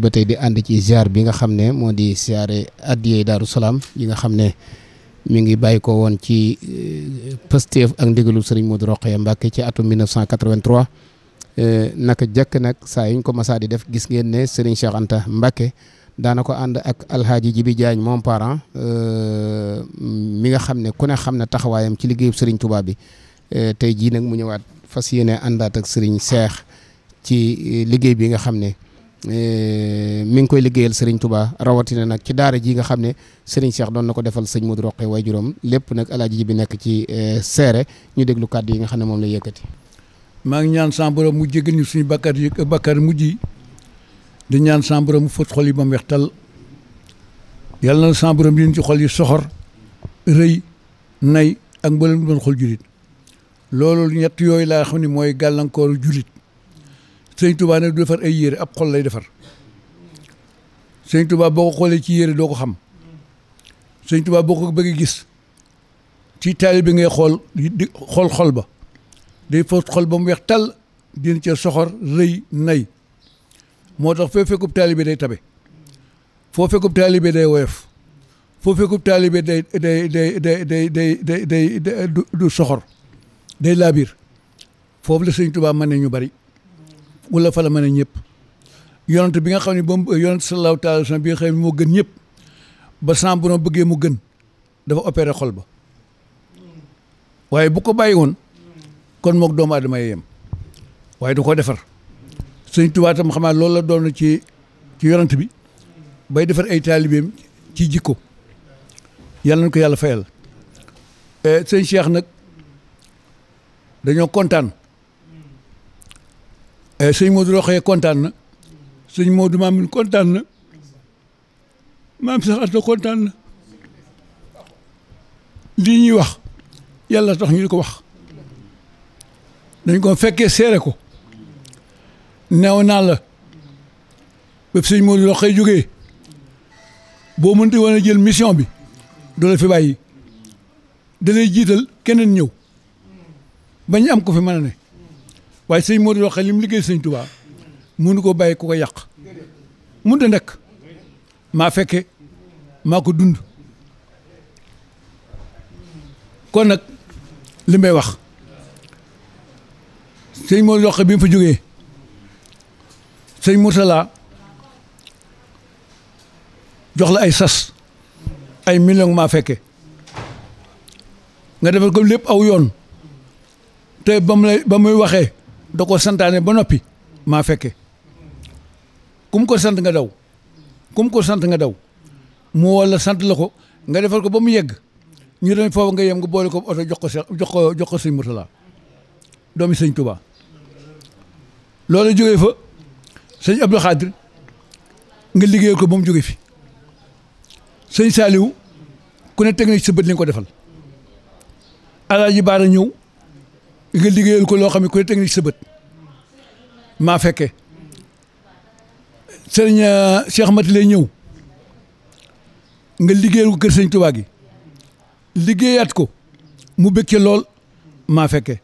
ba tey di ànd ci ziar bi nga xam ne moo di ziare addiyee Daaru Salaam yi nga xam ne mi ngi bàyyi ko woon ci eh, Pastef ak ndigalu sëriñ Modou Rokhaya Mbacké ci atum 1983 eh, naka jëkk nag saa yuñ ko masaa di def gis ngeen ne sëriñ Cheikh Anta Mbacké daana ko ànd ak alhaaji Jibi Diagne moom parent eh, mi nga xam ne ku ne xam ne taxawaayam ci liggéeyu sëriñ tubaab bi tey jii nag mu ñëwaat fas yéene àndaat ak sëriñ Cheikh ci liggéey bi nga xam ne Eh, mi ngi koy liggéeyal Serigne tubaa rawatina nag ci daara ji nga xam ne Serigne Cheikh doon na ko defal sëñ Modou Roqe waaye juróom lépp nag alaaji ji bi nekk ci eh, seere ñu déglu kàddu yi nga xam ne moom la yëkkati. maa ngi ñaan sa borom mu jéggal ñu suñu bakkaar yi bakkaar mujj yi di ñaan sa mu fóot xol yi ba mu weex tal yàlla na sa yi ci xol yi soxor rëy nay ak mboolem doon xol jullit loolu ñett yooyu laa xam ne mooy gàllankooru julit sëñ Touba nag du defar ay yére ab xol lay defar sëñ Touba boo ko xoolee ci yére doo ko xam sëñ Touba boo ko bëggee gis ci taali bi ngay xool di xool xol ba day foos xol ba mu weex tal dina ca soxor rëy nay moo tax foo fekkub taalibe day tabe foo fekkub taalibe day woyof foo fekkub taalibe day day day day day day day du soxor day laabiir foofu la sëñ Touba mën ne ñu bari wala fa la mën a ñëpp yonent bi nga xam ne moom yonent sallallahu taala sallam moo gën ñëpp ba sans bëggee mu gën dafa opéré xol ba waaye bu ko bàyyi woon kon mook doomu aadama yi yem waaye du ko defar Sëñ Tuubaa tam loolu la doon ci ci yonent bi bay defar ay taalibeem ci jikko yàlla nañ ko yàlla fayal eh, sëñ Cheikh nag dañoo kontaan Eh, sëñ Modou Rokhaya kontaan na sëñ Modou Mamoune kontaan na maam sax Anta kontaan na lii ñuy wax yàlla tax ñu di ko wax dañ ko fekkee seere ko neew naa la bépp sëñ Modou Rokhaya jógee boo mënti woon a jël mission bi doo la fi bàyyi da jiital keneen ñëw bañ am ko fi mën ne waaye sëñ Modou Rokhaya li mu liggéey sëñ Touba mënu ko bàyyi ku ko yàq mënut a nekk maa fekke maa ko dund kon nag li may wax sëñ Modou Rokhaya bi mu fa jógee sëñ Mourtala jox la ay sas ay millions maa fekke nga defal ko lépp aw yoon te ba mu ba muy waxee da ko santaane ba noppi maa fekke kum ko sant nga daw kum ko sant nga daw mu wala sant la ko nga defal ko ba mu yegg ñu doon foofu nga yem nga boole ko oto jox ko jox ko jox ko sëñ Murtala doomi sëñ Tuubaa loolu jógee fa sëñ Abdou Khadir nga liggéeyal ko ba mu jógee fi sëñ Saliou ku ne teg na ci sa bët li nga ko defal alaaji baara ñëw nga liggéeyal ko loo xam ne ku teg na ci bët maa fekke sëriñ euh, Cheikh Mati lay ñëw nga liggéeyal ko kër sëñ Tuubaa liggéeyaat ko mu bëgg lool maa fekke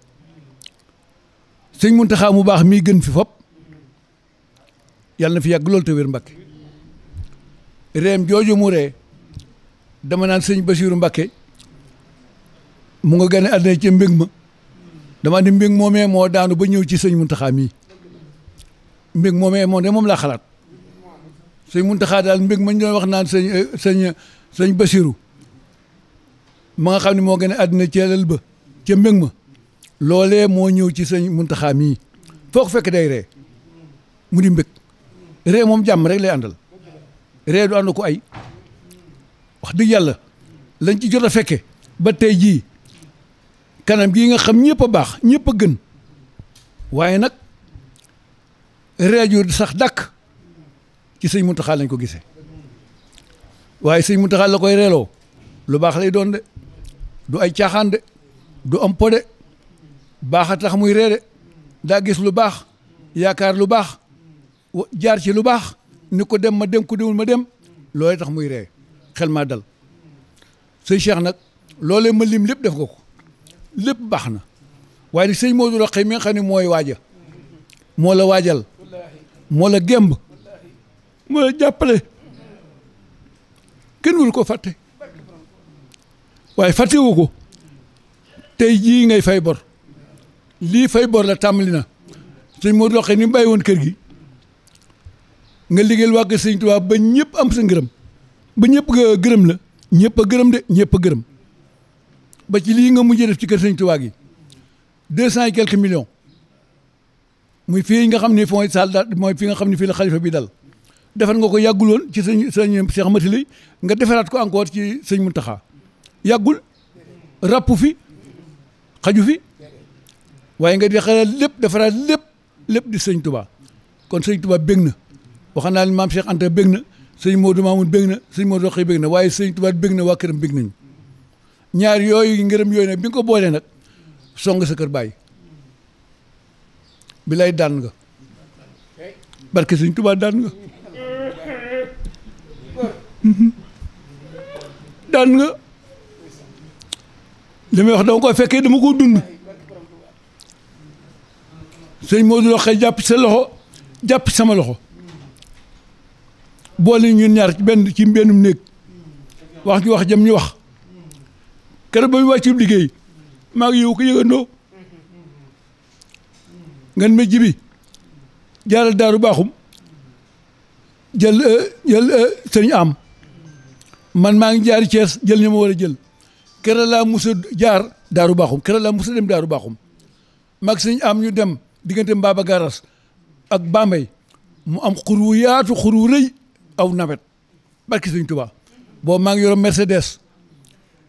sëñ Muntaxa mu baax mii gën fi fop yàlla na fi yàgg lool te wér Mbàkke reem jooju mu ree dama naan sëñ Basiiru Mbàkke mu nga gane àddina ci mbég ma dama ne mbég moomee moo daanu ba ñëw ci sëñ Muntaxa mii mbég moomee moom de moom laa xalaat sëñ Muntaxa daal mbég mañ ñu doon wax naan sëñ sëñ sëñ Basiru ma nga xam ne moo gën a àddina ceelal ba ca mbég ma loolee moo ñëw ci sëñ Muntaxa mii foo ko fekk day ree mu di mbég ree moom jàmm rek lay àndal ree du ànd ko ay wax dëgg yàlla lañ ci jot a fekke ba tey jii kanam gii nga xam ñëpp baax ñëpp a gën waaye nag rajo sax dàkk ci sëñ Muntaxa lañ ko gisee waaye sëñ Muntaxa la koy reeloo lu baax lay doon de du ay caaxaan de du am po baax a tax muy ree de daa gis lu baax yaakaar lu baax jaar ci lu baax ni ko dem ma dem ku demul ma dem loolee tax muy ree xel maa dal sëñ Cheikh nag loolee ma lim lépp def nga ko lépp baax na waaye nag sëñ Modou Rokhaya mi nga xam ne mooy waaja moo la waajal moo la gemb moo la jàppale kenn wul ko fàtte waaye fàttewu ko tey jii ngay fay bor lii fay bor la tàmbali na sëñ Modou Rokhaya ni mu bàyyi woon kër gi nga liggéeyal waa kër sëñ Tuubaa ba ñëpp am sa ngërëm ba ñëpp gërëm la ñëpp a gërëm de ñëpp a gërëm ba ci lii nga mujjee def ci kër sëñ Tuubaa gi deux cent et quelques millions muy fii nga xam ne mooy saal daal mooy fii nga xam ne fii la xalifa bi dal defar nga ko yàggul woon ci sëñ sëñ Cheikh Mati Lay nga defaraat ko encore ci sëñ Muntaxa yàggul ràpp fi xaju fi waaye nga defaraat lépp defaraat lépp lépp di sëñ Tuubaa kon sëñ Tuubaa bég na wax naa ne maam Cheikh Anta bég na sëñ Modou Mamoun bég na sëñ Modou Rokhaya bég na waaye sëñ Tuubaa bég na waa këram bég nañu ñaar yooyu ngërëm yooyu nag bi nga ko boolee nag song sa kër bàyyi bi lay daan nga barke Sëñ Tuubaa daan nga daan nga li wax dama koo fekkee dama ko dund sëñ Modou Lo xëy jàpp sa loxo jàpp sama loxo boole ñun ñaar ci benn ci benn néeg wax ju wax jëm ñu wax keroog ba mu wàcc liggéey maa ngi yow ko yëgandoo ngan ma jibi jaaral daaru baaxum jël euh, jël euh, am man maa ngi jaari Cees jël ñu ma war a jël keroog laa musa jaar daaru baaxum keroog laa musa dem daaru baaxum mag sëñ am ñu dem diggante mbaaba garas ak Bambey mu am xuru yaatu xuru rëy aw nawet barki sëñ Tuubaa boo maa ngi yoroon Mercedes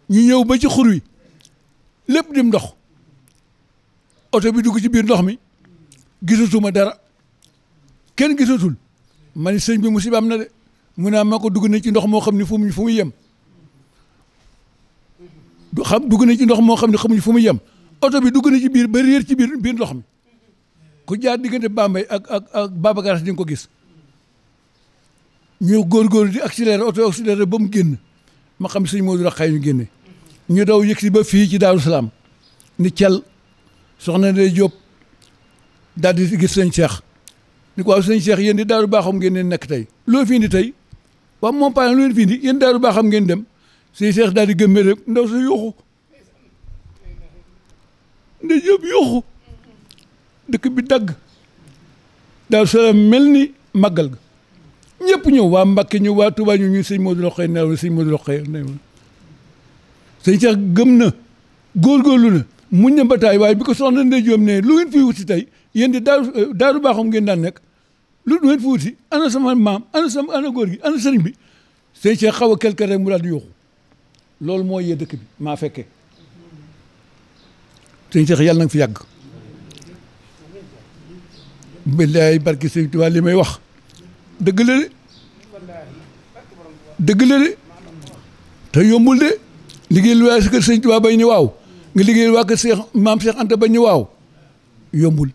ñu ñëw ba ci xur wi lépp dim ndox oto bi dugg ci biir ndox mi gisatuma dara kenn gisatul ma ni sëñ bi musiba am na de mu ne ko dugg na ci ndox moo xam ne fu mu fu yem du xam dugg na ci ndox moo xam ne xamuñ fu muy yem oto bi dugg na ci biir ba réer ci biir biir ndox mi ku jaar diggante Bambey ak ak ak Babacar di nga ko gis ñu góorgóorlu di accéléré oto accéléré ba mu génn ma xam sëñ moo la xëy ñu génne ñu daw yëkkati ba fii ci Daaru Salaam ni cel soxna Ndeye Diop daal di gis sëñ Cheikh ni ko waaw sëñ Cheikh yéen di Daaru Baaxam ngeen leen nekk tey loo fii indi tey waaw moom paa lu leen fi Daaru Baaxam ngeen dem sëñ Cheikh daal di gëmmee rek ndaw sa yuuxu Ndeye Diop yuuxu dëkk bi dagg Daaru Salaam mel ni maggal ga ñëpp ñëw waa Mbàkke ñëw waa Tuubaa ñu ñu sëñ Modou Rokhaya neew sëñ Modou Rokhaya neew sëñ Cheikh gëm na góor góorgóorlu na muñ na bataay waaye bi ko soxna Ndeye Diop ne lu ngeen fi wut si tey yéen di daaru eh, daaru ngeen daan nekk lu ngeen fi wut si ana sama maam ana góor gi ana sëriñ bi sëñ Cheikh xaw a quelque rek mu daal di yóoxu mooy yee dëkk bi maa fekke sëñ Cheikh yàlla na fi yàgg billaay barki sëñ Tuubaa may wax dëgg la de te yombul de liggéeyal waa kër sëñ Tuubaa bañ ni waaw nga liggéeyal waa kër Seex maam Seex Anta bañ ni waaw yombul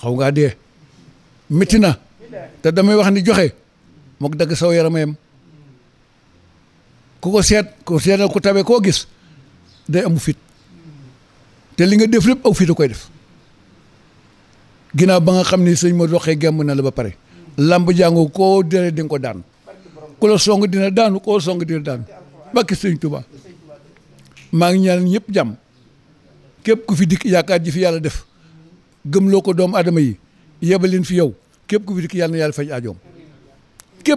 xaw ngaa dee métti na te damay wax ni joxe mook dagg saw yaram yam ku ko seet ku seetal koo gis day amu fit te li nga def lépp aw fit a koy def ginnaaw ba nga xam ni sëñ ma doxee gemm na la ba pare lamb jàngoo koo dere di ko daan ku la song dina daanu ko la song dina daanu bàkki sëñ Tuubaa maa ngi ñaan ñëpp jàmm képp ku fi dikk yaakaar ji fi yàlla def gëm loo ko doom adama yi yebalin fi yow képp ku fi dikk yàlla yàlla faj ajoom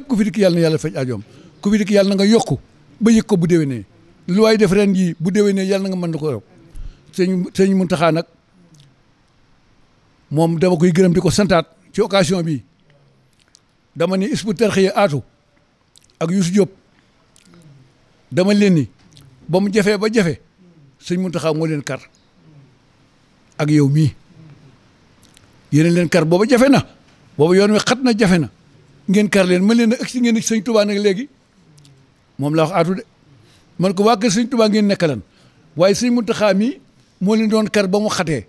ku fi yàlla yàlla faj ajoom ku yàlla na nga yokku ba yëg ko bu déwénee lu waay def ren jii bu déwénee yàlla nga mën na ko yokk mu sëñ nag moom dama koy gërëm ko santaat ci occasion bi dama ni Hizbut Tarqiyyah aatu ak Youssou Diop dama leen ni ba mu jafee ba jafe sëñ Mountakha moo leen kar ak yow mii yéen leen kar booba jafe na booba yoon wi xat na jafe na ngeen kar leen mën leen a agsi ngeen ci sëñ Touba nag léegi moom laa wax aatu de man ko waa kër sëñ Touba ngeen nekkalan waaye sëñ Mountakha mii moo leen doon kar ba mu xatee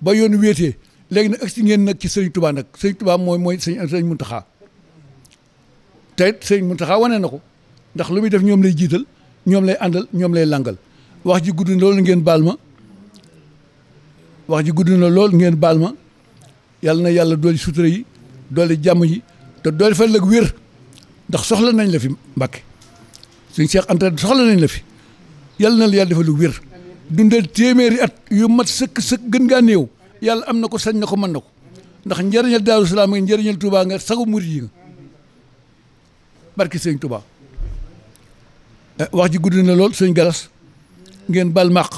ba yoon wéetee léegi nag agsi ngeen nag ci sëñ Touba nag sëñ Touba mooy mooy sëñ sëñ Mountakha te it sëñ Mountakha wanee na ko ndax lu muy def ñoom lay jiital ñoom lay àndal ñoom lay langal wax ji gudd na loolu ngeen baal ma wax ji gudd na loolu ngeen baal ma yàlla na yàlla dooli sutura yi dooli jàmm yi te dooli fa la wér ndax soxla nañ la fi Mbàkke suñ Cheikh Anta soxla nañ la fi yàlla na la yàlla defal lu wér dundal téeméeri at yu mat sëkk sëkk gën ngaa néew yàlla am na ko sañ na ko man na ko ndax njëriñal Daaru Salaam nga njëriñal Tuubaa nga sagu murid yi nga barki sëñ Touba eh, wax ji gudd na lool sëñ Galas ngeen bal màq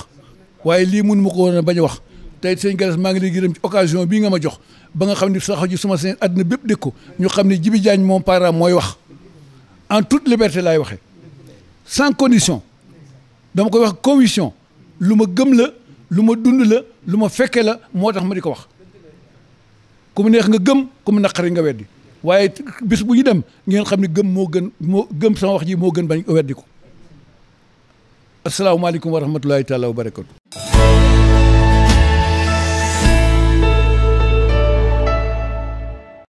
waaye lii mun ma ko woon a bañ wax tey sëñ Galas maa ngi lay gërëm ci occasion bii nga ma jox ba nga xam ne sax ji suma seen àdduna bépp dégg ko ñu xam ne Jibi Jaañ moom parent mooy wax en toute liberté laay waxe sans condition dama koy wax conviction lu ma gëm la lu ma dund la lu ma fekke la moo tax ma di ko wax ku mu neex nga gëm ku mu naqari nga weddi waaye bis bu ñu dem ngeen xam ne gëm moo gën moo gëm sama wax ji moo gën bañ weddi ko asalaamaaleykum wa rahmatulahi taala wa barakatu